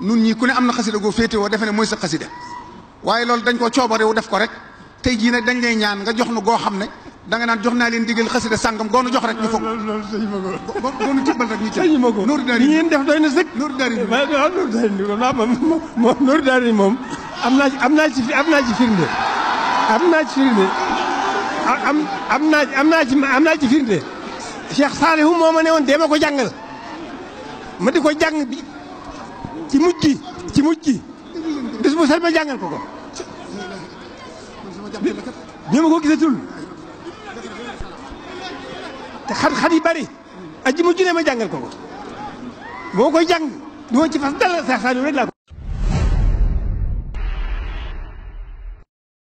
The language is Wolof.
nun ñii ku ne am na xasida goo féete woo defe ne mooy sa xasida waaye loolu dañ ko coobarewu def ko rek tey jii nag dañ lay ñaan nga jox nu goo xam ne da nga naan jox naa leen digal xasida sàngam goonu jox rek ñu foog goonu tibbal rek ñu ca nooru daari ngeen def doy na sëkk nooru daari moom nooru daari moom am naa ci am naa ci am naa ci firnde am naa ci firnde am am naa am naa ci am naa ci firnde Cheikh Salihu moo ma ne woon dee ma ko jàngal ma di ko jàng bi ci mujj gi ci mujj gi bis bu ma jàngal ko ko bi ma ko gisatul te xat-xat yi bari aji mujj ne ma jàngal ko ko boo koy jàng du ma ci fas dara sax saa laa ko